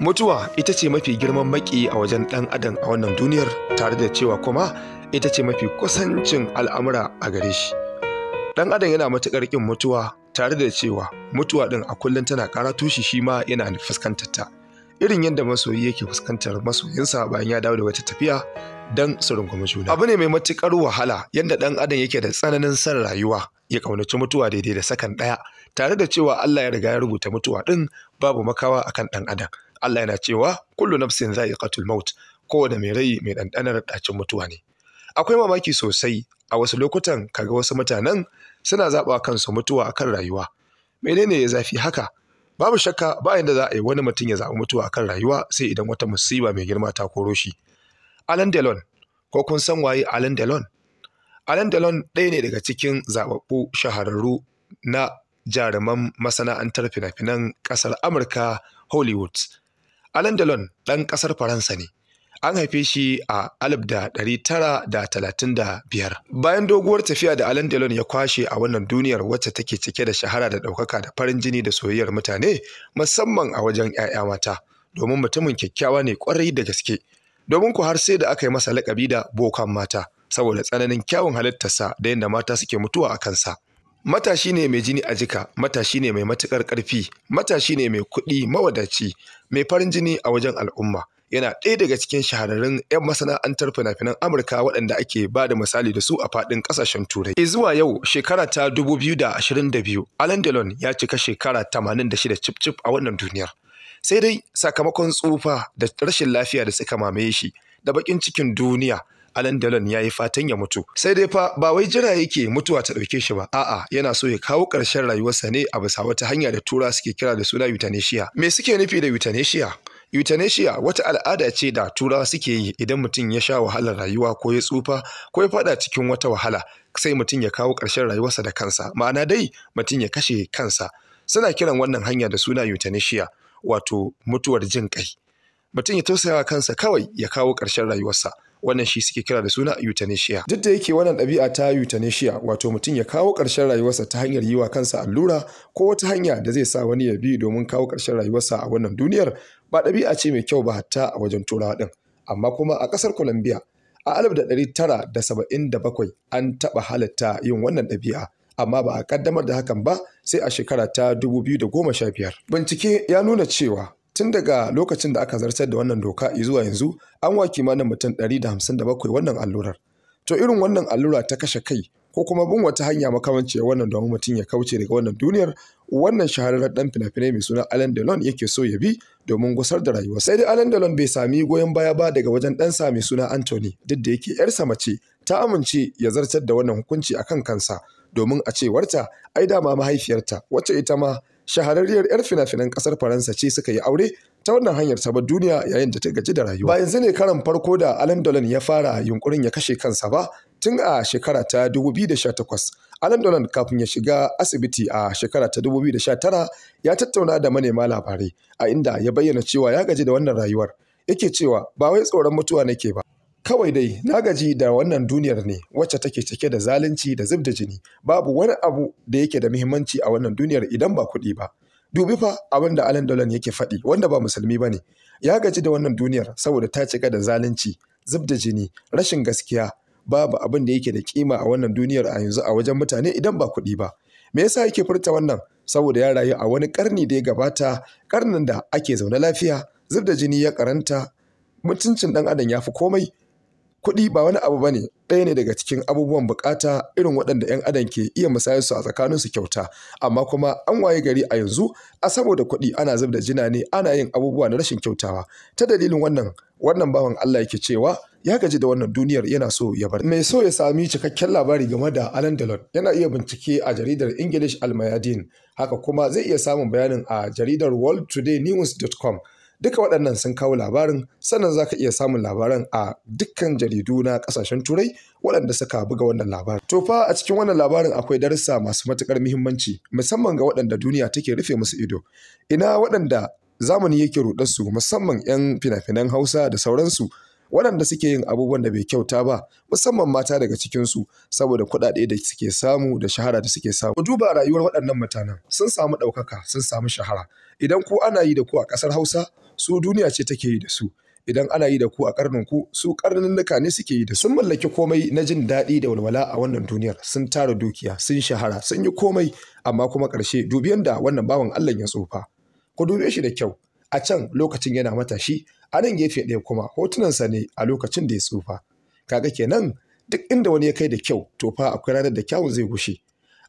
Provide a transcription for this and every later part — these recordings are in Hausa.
mutuwa ita ce mafi girman maki a wajen ɗan adam a wannan duniyar tare da cewa kuma ita ce mafi kusancin al'amura a gare shi ɗan adam yana matuƙar ƙin mutuwa tare da cewa mutuwa ɗin a kullum tana ƙara tushe shi ma yana fuskantar ta irin yadda masoyi yake fuskantar masoyinsa bayan ya dawo da wata tafiya don su rungumi juna abu ne mai matuƙar wahala yadda ɗan adam yake da tsananin san rayuwa ya ƙaunaci mutuwa daidai da sakan ɗaya tare da cewa Allah ya riga ya rubuta mutuwa ɗin babu makawa akan ɗan adam Allah yana cewa kullu nafsin za'iqatul maut kowane mai rai mai ɗanɗanar ɗacin mutuwa ne akwai mamaki sosai a wasu lokutan kaga wasu mutanen suna zaɓa kansu mutuwa akan rayuwa menene ya zafi haka babu shakka ba yadda za a yi wani mutum ya zaɓi mutuwa akan rayuwa sai idan wata musiba mai girma ta koro shi Alan Delon ko kun san waye Alan Delon Alan Delon ɗaya ne daga cikin zaɓaɓɓu shahararru na jaruman masana'antar fina-finan ƙasar Amurka Hollywood Alain Delon ɗan ƙasar Faransa ne. An haife shi a da da da tara talatin biyar. Bayan doguwar tafiya da Alain Delon ya kwashe a wannan duniyar wacce take cike da shahara da ɗaukaka da farin jini da soyayyar mutane musamman a wajen 'ya'ya mata domin mutumin kyakkyawa ne kwarai da gaske. Domin ku har sai da aka yi masa laƙabi da bokan mata saboda tsananin kyawun halittarsa da yadda mata suke mutuwa a kansa. matashi ne mai jini a jika matashi ne mai matukar ƙarfi matashi ne mai kuɗi mawadaci mai farin jini a wajen al'umma yana ɗaya daga cikin shahararrun 'yan masana'antar fina-finan Amurka waɗanda ake ba da misali da su a faɗin ƙasashen Turai. E zuwa yau shekara ta 2022, Alan Delon ya cika shekara 86 cip-cip a wannan duniyar. Sai dai sakamakon tsufa da rashin lafiya da suka mamaye shi da bakin cikin duniya Alan Dalon ya yi fatan ya mutu. Sai dai fa ba wai jira yake mutuwa ta ɗauke shi ba, a'a yana so ya kawo ƙarshen rayuwarsa ne a bisa wata hanya da tura suke kira da suna euthanasia. Me suke nufi da euthanasia? Euthanasia wata al'ada ce da turawa suke yi idan mutum ya sha wahalar rayuwa ko ya tsufa ko ya fada cikin wata wahala sai mutum ya kawo ƙarshen rayuwarsa da kansa ma'ana dai mutum ya kashe kansa suna kiran wannan hanya da suna euthanasia wato mutuwar jin kai mutum ya tausayawa kansa kawai ya kawo ƙarshen rayuwarsa wannan shi suke kira da suna euthanasia duk da yake wannan ɗabi'a ta euthanasia wato mutum ya kawo ƙarshen rayuwarsa ta hanyar yi wa kansa allura ko wata hanya da zai sa wani ya bi domin kawo ƙarshen rayuwarsa a wannan duniyar ba ɗabi'a ce mai kyau ba hatta a wajen turawa ɗin amma kuma a ƙasar colombia a alif da da da tara saba'in ɗari bakwai an taɓa halatta yin wannan ɗabi'a amma ba a ƙaddamar da hakan ba sai a shekara ta dubu biyu da goma sha biyar. Bincike ya nuna cewa tun daga lokacin da aka zartar da wannan doka zuwa yanzu an wa kimanin mutum ɗari da da hamsin bakwai wannan allurar to irin wannan allura ta kashe kai ko kuma bin wata hanya makamanci wannan domin mutum ya kauce daga wannan duniyar wannan shahararren dan fina-finai mai suna Alan Delon yake so ya bi domin gusar da rayuwa sai dai Alan Delon bai sami goyon baya ba daga wajen ɗansa mai suna Anthony duk da yake yarsa mace ta amince ya zartar da wannan hukunci akan kansa domin a cewarta ai dama mahaifiyarta wacce ita ma shahararriyar 'yar fina-finan ƙasar Faransa ce suka yi aure ta wannan hanyar ta duniya yayin da ta gaji da rayuwa. Ba yanzu ne karan farko da Alan Dolan ya fara yunkurin ya kashe kansa ba tun a shekara ta 2018. Alan Dolan kafin ya shiga asibiti a shekara ta 2019 ya tattauna da manema labarai a inda ya bayyana cewa ya gaji da wannan rayuwar. Yake cewa ba wai tsoron mutuwa nake ba. Kawai dai na gaji da wannan duniyar ne wacce take cike da zalunci da zub da jini. Babu wani abu da yake da muhimmanci a wannan duniyar idan ba kuɗi ba. Dubi fa abin da Alan Dolan yake faɗi wanda ba musulmi ba ne. Ya gaji da wannan duniyar saboda ta cika da zalunci, zub da jini, rashin gaskiya. Babu abin da yake da kima a wannan duniyar a yanzu a wajen mutane idan ba kuɗi ba. Me yasa yake furta wannan? Saboda ya rayu a wani ƙarni da ya gabata, ƙarnin da ake zaune lafiya, zub da jini ya karanta, mutuncin ɗan adam ya fi komai, Kuɗi ba wani abu bane ɗaya ne daga cikin abubuwan bukata irin waɗanda 'yan adam ke iya musayar su a tsakanin su kyauta amma kuma an waye gari a yanzu a saboda kuɗi ana zub da jina ne ana yin abubuwa na rashin kyautawa ta dalilin wannan wannan bawan Allah yake cewa ya gaji da wannan duniyar yana so ya bar mai so ya sami cikakken labari game da Alan Delon yana iya bincike a jaridar English Almayadin haka kuma zai iya samun bayanin a jaridar worldtodaynewscom Duka waɗannan sun kawo labarin sannan za ka iya samun labaran a dukkan jaridu na ƙasashen turai waɗanda suka buga wannan labarin. To fa a cikin wannan labarin akwai darussa masu matuƙar muhimmanci musamman ga waɗanda duniya take rufe musu ido. Ina waɗanda zamani yake su musamman 'yan fina-finan Hausa da sauransu waɗanda suke yin abubuwan da bai kyauta ba musamman mata daga cikinsu saboda kuɗaɗe da suke samu da shahara da suke samu. duba rayuwar waɗannan mutanen sun samu ɗaukaka sun samu shahara idan ko ana yi da ku a ƙasar Hausa su duniya ce take yi da su idan ana yi da ku a karnin ku su karninnuka ne suke yi da sun mallaki komai na jin daɗi da walwala a wannan duniyar sun tara dukiya sun shahara sun yi komai amma kuma ƙarshe dubiyan da wannan bawan Allah ya tsufa ku dube shi da kyau a can lokacin yana matashi a nan gefe ɗaya kuma hotunansa ne a lokacin da ya tsufa kaga kenan duk inda wani ya kai da kyau to fa akwai ranar da kyawun zai gushe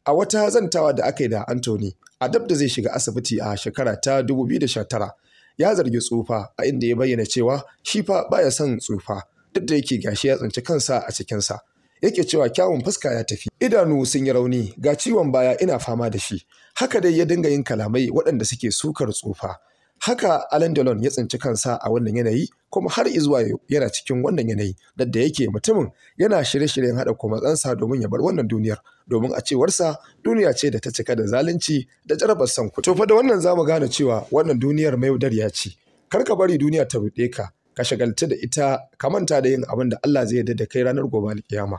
a wata zantawa da aka yi da Anthony a dab da zai shiga asibiti a shekara ta 2019 ya zargi tsufa a inda ya bayyana cewa shi fa baya son tsufa duk da yake gashi ya tsinci kansa a cikin sa yake cewa kyawun fuska ya tafi idanu sun yi rauni ga ciwon baya ina fama da shi haka dai ya dinga yin kalamai waɗanda suke sukar tsufa haka Alan Delon ya tsinci kansa a wannan yanayi kuma har izuwa yau yana cikin wannan yanayi da da yake mutumin yana shirye-shiryen haɗa tsansa domin ya bar wannan duniyar domin a cewarsa duniya ce da ta cika da zalunci da jarabar san ku. To fa da wannan zamu gane cewa wannan duniyar mai ya ce. Kar ka bari duniya ta buɗe ka, ka shagalta da ita ka manta da yin abin da Allah zai yarda da kai ranar gobe alkiyama.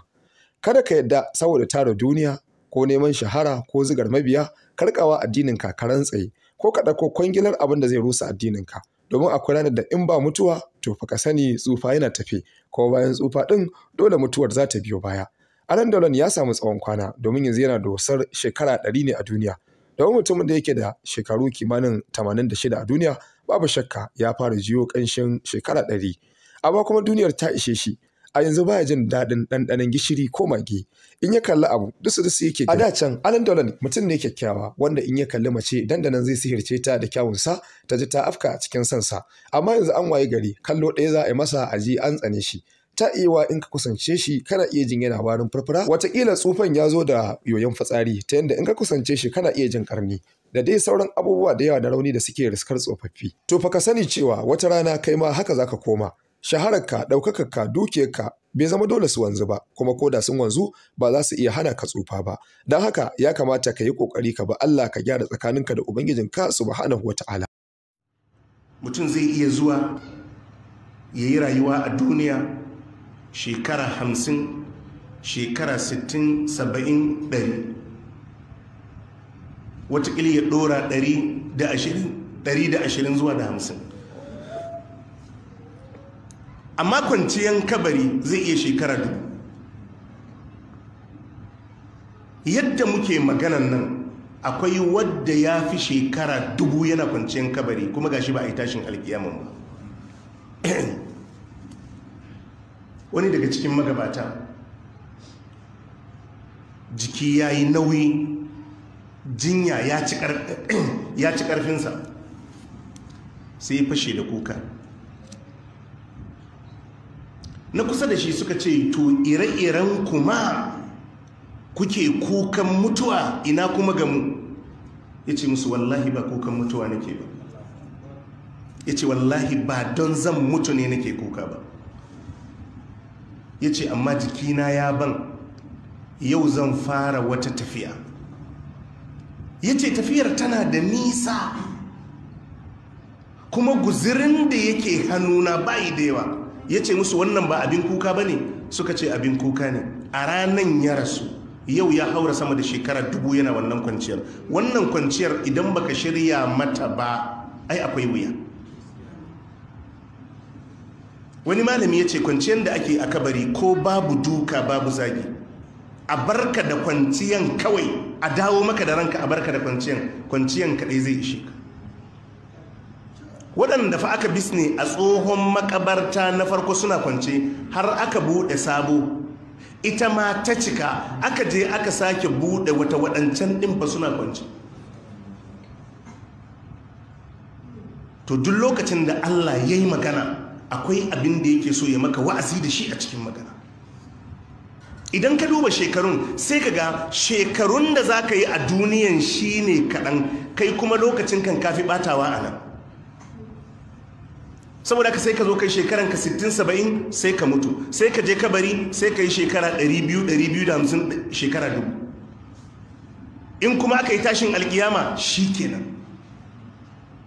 Kada ka yarda saboda tara duniya ko neman shahara ko zigar mabiya karkawa addinin kakaran tsaye ko ka ɗauko kwangilar abin da zai rusa addininka domin akwai ranar da in ba mutuwa to fa ka sani tsufa yana tafe kuma bayan tsufa ɗin dole mutuwar za ta biyo baya alan dolan ya samu tsawon kwana domin yanzu yana dosar shekara ɗari ne a duniya domin mutumin da yake da shekaru kimanin tamanin da shida a duniya babu shakka ya fara jiyo ƙanshin shekara ɗari amma kuma duniyar ta ishe shi a yanzu baya jin daɗin ɗanɗanon gishiri ko mage in ya kalli abu dusu dusu yake a da can alan dolan mutum ne kyakkyawa wanda in ya kalli mace dandanan zai sihirce ta da kyawunsa ta ji ta afka a cikin sansa amma yanzu an waye gari kallo ɗaya za a yi masa a ji an tsane shi ta iya in ka kusance shi kana iya jin yana warin furfura watakila tsufan ya zo da yoyon fitsari ta yadda in ka kusance shi kana iya jin karni da dai sauran abubuwa da yawa na rauni da suke riskar tsofaffi to fa ka sani cewa wata rana kai ma haka zaka koma shahararka ɗaukakarka dukiyarka bai zama dole su wanzu ba kuma ko da sun wanzu ba za su iya hana ka tsufa ba don haka ya kamata ka yi ƙoƙari ka ba Allah ka gyara tsakaninka da ubangijinka subhanahu wata'ala mutum zai iya zuwa ya yi rayuwa a duniya shekara hamsin shekara sittin saba'in ɗari wataƙila ya ɗora ɗari da ashirin zuwa da hamsin amma kwanciyan kabari zai iya shekara dubu yadda muke maganan nan akwai wadda ya fi shekara dubu yana kwanciyan kabari kuma gashi ba a yi tashin alkiyamun ba wani daga cikin magabata jiki ya yi nauyi jinya ya ci ƙarfinsa sai fashe da kuka na kusa da shi suka ce to ire-iren kuma kuke kukan mutuwa ina kuma gamu ya ce musu wallahi ba kukan mutuwa nake ba ya ce wallahi ba don zan mutu ne nake kuka ba ya ce amma jikina ya ban yau zan fara wata tafiya ya ce tafiyar tana da nisa kuma guzirin da yake hannuna bayi da yawa ya ce musu wannan ba abin kuka ba ne suka ce abin kuka ne a ranan ya rasu yau ya haura sama da shekara dubu yana wannan kwanciyar wannan kwanciyar idan baka shirya mata ba ai akwai wuya wani malami ya ce kwanciyar da ake a kabari ko babu duka babu zagi a barka da kwanciyar kawai a dawo maka da ranka a barka da kwanciyar kwanciyar kaɗai zai ishe ka waɗanda fa aka bisne a tsohon makabarta na farko suna kwance har aka buɗe sabo ita ma ta cika aka je aka sake buɗe wata waɗancan ɗin ba suna kwance to duk lokacin da allah ya yi magana akwai abin da yake so ya maka wa'azi da shi a cikin magana idan ka duba shekarun sai ka ga shekarun da za ka yi a duniyan shi ne kaɗan kai kuma lokacin kan kafi ɓatawa a nan saboda ka sai ka zo kai shekaran ka 60 70 sai ka mutu sai ka je kabari sai ka yi shekara 200 250 shekara dubu in kuma aka yi tashin alkiyama shikenan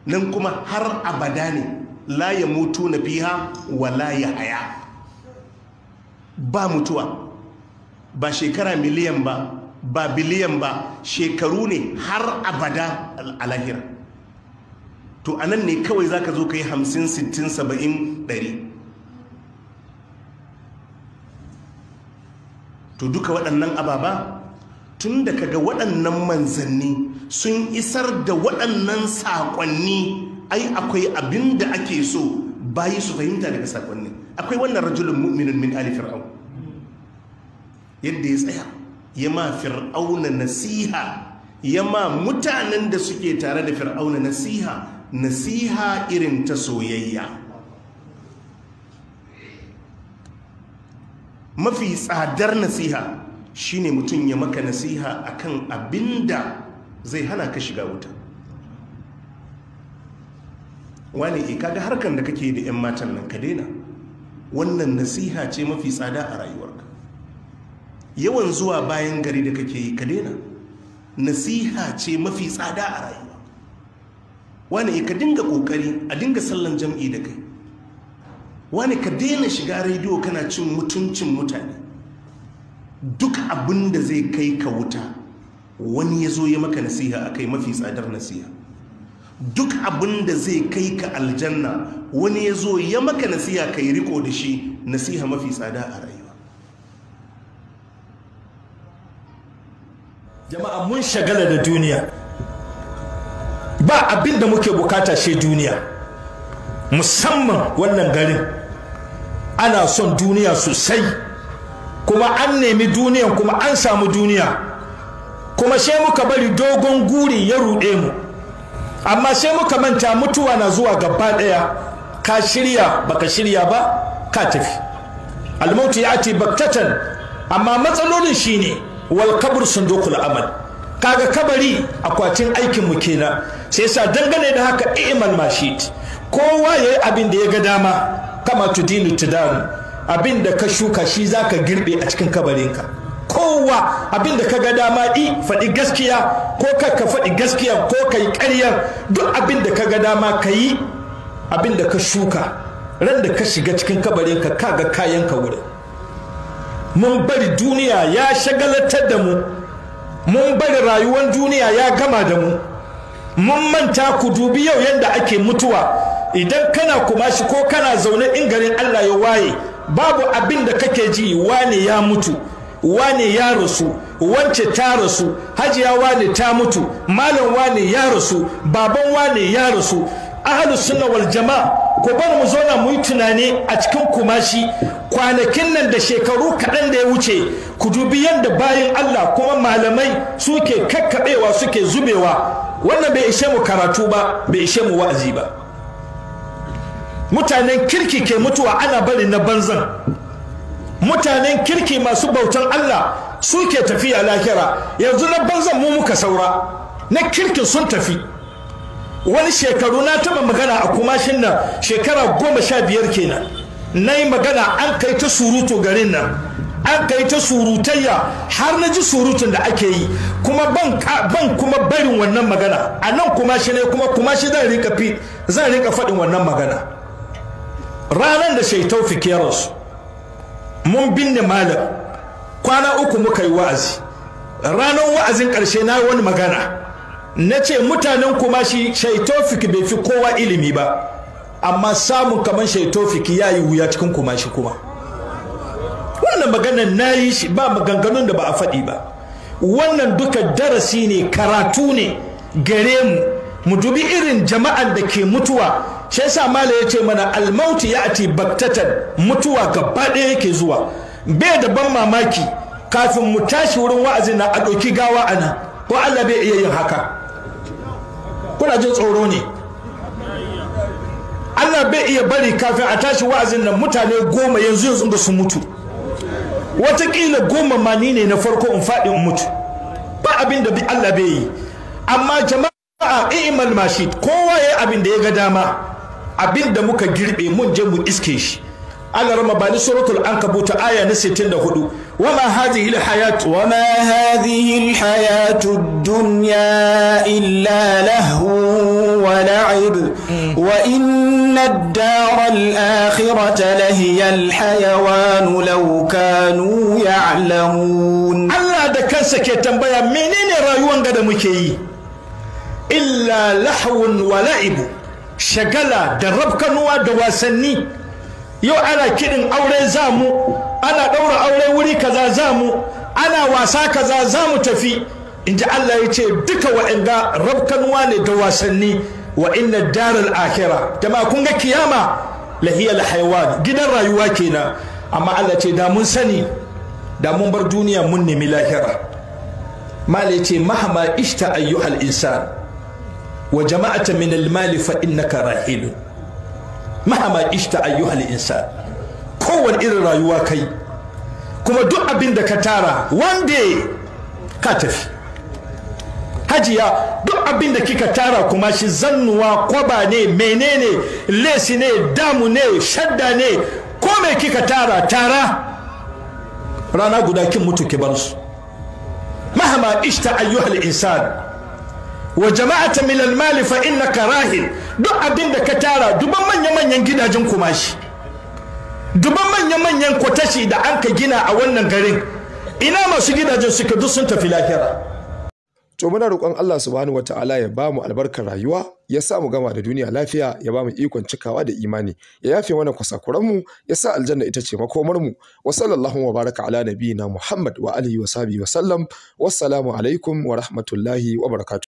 nan kuma har abada ne la ya mutu na fiha wa la ya haya ba mutuwa ba shekara miliyan ba ba biliyan ba shekaru ne har abada al'ahira to a nan ne kawai za ka zo ka yi hamsin sittin saba'in ɗari to duka waɗannan ababa tun da kaga waɗannan manzanni sun isar da waɗannan saƙonni ai akwai abin da ake so bayi su fahimta daga saƙonni akwai wannan rajulun mu'minin min ali fir'aun yadda ya tsaya ya ma fir'auna nasiha ya ma mutanen da suke tare da fir'auna nasiha nasiha irin ta soyayya mafi tsadar nasiha shine mutum ya maka nasiha akan abinda zai hana ka shiga wuta wani e eh, kaga harkar da kake da 'yan matan nan ka daina wannan nasiha ce mafi tsada a rayuwarka yawan zuwa bayan gari da kake yi ka daina nasiha ce mafi tsada a rayuwa wani eh, ka dinga kokari a dinga sallan jam'i da kai wani ka daina shiga rediyo kana cin mutuncin mutane duk abin da zai kai ka wuta wani ya zo ya maka nasiha a kai mafi tsadar nasiha duk abin da zai kai ka aljanna wani ya zo ya maka nasiha ka yi riko da shi nasiha mafi tsada a rayuwa jama'a mun shagala da duniya ba abin da muke bukata shi duniya musamman wannan garin ana son duniya sosai kuma an nemi duniya kuma an samu duniya kuma sai muka bari dogon guri ya ruɗe mu amma sai muka manta mutuwa na zuwa gaba ɗaya ka shirya baka shirya ba ka tafi almautu ya ati baktatan amma matsalolin shine wal kabur sundukul amal kaga kabari akwatin aikin mu kenan sai sa dangane da haka i'mal mashit kowa yayi abin da ya ga dama kama tudinu tudanu abin da ka shuka shi za ka girbe a cikin kabarinka kowa abin da ka ga dama i faɗi gaskiya ko ka ka faɗi gaskiya ko ka yi ƙaryar duk abin da ka ga dama ka yi abin da ka shuka ran da ka shiga cikin kabarinka kaga kayanka wurin mun bari duniya ya shagalatar da mu mun bari rayuwar duniya ya gama da mu mun manta ku dubi yau yadda ake mutuwa idan kana kumashi ko kana zaune in garin Allah ya waye babu abin da kake ji wane ya mutu wane ya rasu wance ta rasu hajiya wane ta mutu malam wane ya rasu baban wane ya rasu ahlus sunna jama'a ko bar mu zauna mu yi tunani a cikin kumashi kwanakin nan da shekaru kaɗan da ya wuce ku dubi yadda bayan Allah kuma malamai suke kakkaɓewa suke zubewa wannan bai ishe mu karatu ba bai ishe mu wa'azi ba mutanen kirki ke mutuwa ana bari na banzan mutanen kirki masu bautan Allah suke tafiya lahira yanzu na banzan mu muka saura na kirkin sun tafi wani shekaru na taɓa magana a kumashin nan shekara goma sha biyar kenan na yi magana an kai ta surutu garin nan an kai ta surutayya har na ji surutun da ake yi kuma ban kuma barin wannan magana a nan kuma shi ne kuma kuma shi zan rika fi zan rika faɗin wannan magana ranar da shaitau keros mun binne malam kwana uku muka yi wa'azi ranar wa'azin ƙarshe na wani magana na ce mutanen kuma shi shaitofik bai fi kowa ilimi ba amma samun kamar shaitofiki ya yi wuya cikin kuma shi kuma wannan maganar na yi shi ba maganganun da ba a faɗi ba wannan duka darasi ne karatu ne gare mu mu dubi irin jama'an da ke mutuwa shi yasa mala ya ce mana almauti ya ati baktatan mutuwa gaba ɗaya yake zuwa bai da ban mamaki kafin mu tashi wurin wa'azin na a ɗauki gawa ana ko Allah bai iya yin haka kuna jin tsoro ne Allah bai iya bari kafin a tashi wa'azin nan mutane goma yanzu yanzu da su mutu watakila goma ma ni ne na farko in faɗi in mutu ba abin da Allah bai yi amma jama'a i'mal mashid kowa ya abin da ya ga dama abin da muka girbe mun je mu iske shi على رمضان سورة العنكبوت آية نسيتين دهدو وما هذه الحياة وما هذه الحياة الدنيا إلا لهو ولعب وإن الدار الآخرة لهي الحيوان لو كانوا يعلمون الله ده كان سكيت تنبيا منين رايوان قد مكي إلا لهو ولعب شغلا دربكنوا دواسني yau ana kiɗin aure zamu. ana ɗaura aure wuri kaza zamu ana wasa kaza zamu tafi in ji Allah ya ce duka wa'anga rabkanuwa ne da wasanni wa inna daral akhira jama kun ga kiyama lahiyal haywan. gidan rayuwa kenan amma Allah ce da mun sani da mun bar duniya mun nemi lahira mala ce mahama ishta ayyuhal insan wa jama'ata min al-mali fa innaka rahilun mahama ishta ayyuhal insa kowane irin rayuwa kai kuma duk abin da ka tara wanda ka tafi hajiya duk abin da kika tara kuma shi zannuwa kwaba ne menene lesi ne damu ne shadda ne ko mai kika tara tara rana guda kin mutu ki bar su mahama ishta ayyuhal insan wa jama'ata min almali fa innaka rahin duk abin da ka tara duban manya-manyan gidajen kumashi duban manya-manyan kwatashi da an ka gina a wannan garin ina masu gidajen suka duk sun tafi lahira to muna roƙon Allah subhanahu wata'ala ya bamu albarkar rayuwa ya sa mu gama da duniya lafiya ya bamu ikon cikawa da imani ya yafe mana kusakuran mu ya sa aljanna ita ce makomar mu wa sallallahu wa baraka ala nabiyina muhammad wa alihi wa sahbihi wa sallam wassalamu alaikum wa rahmatullahi wa barakatuh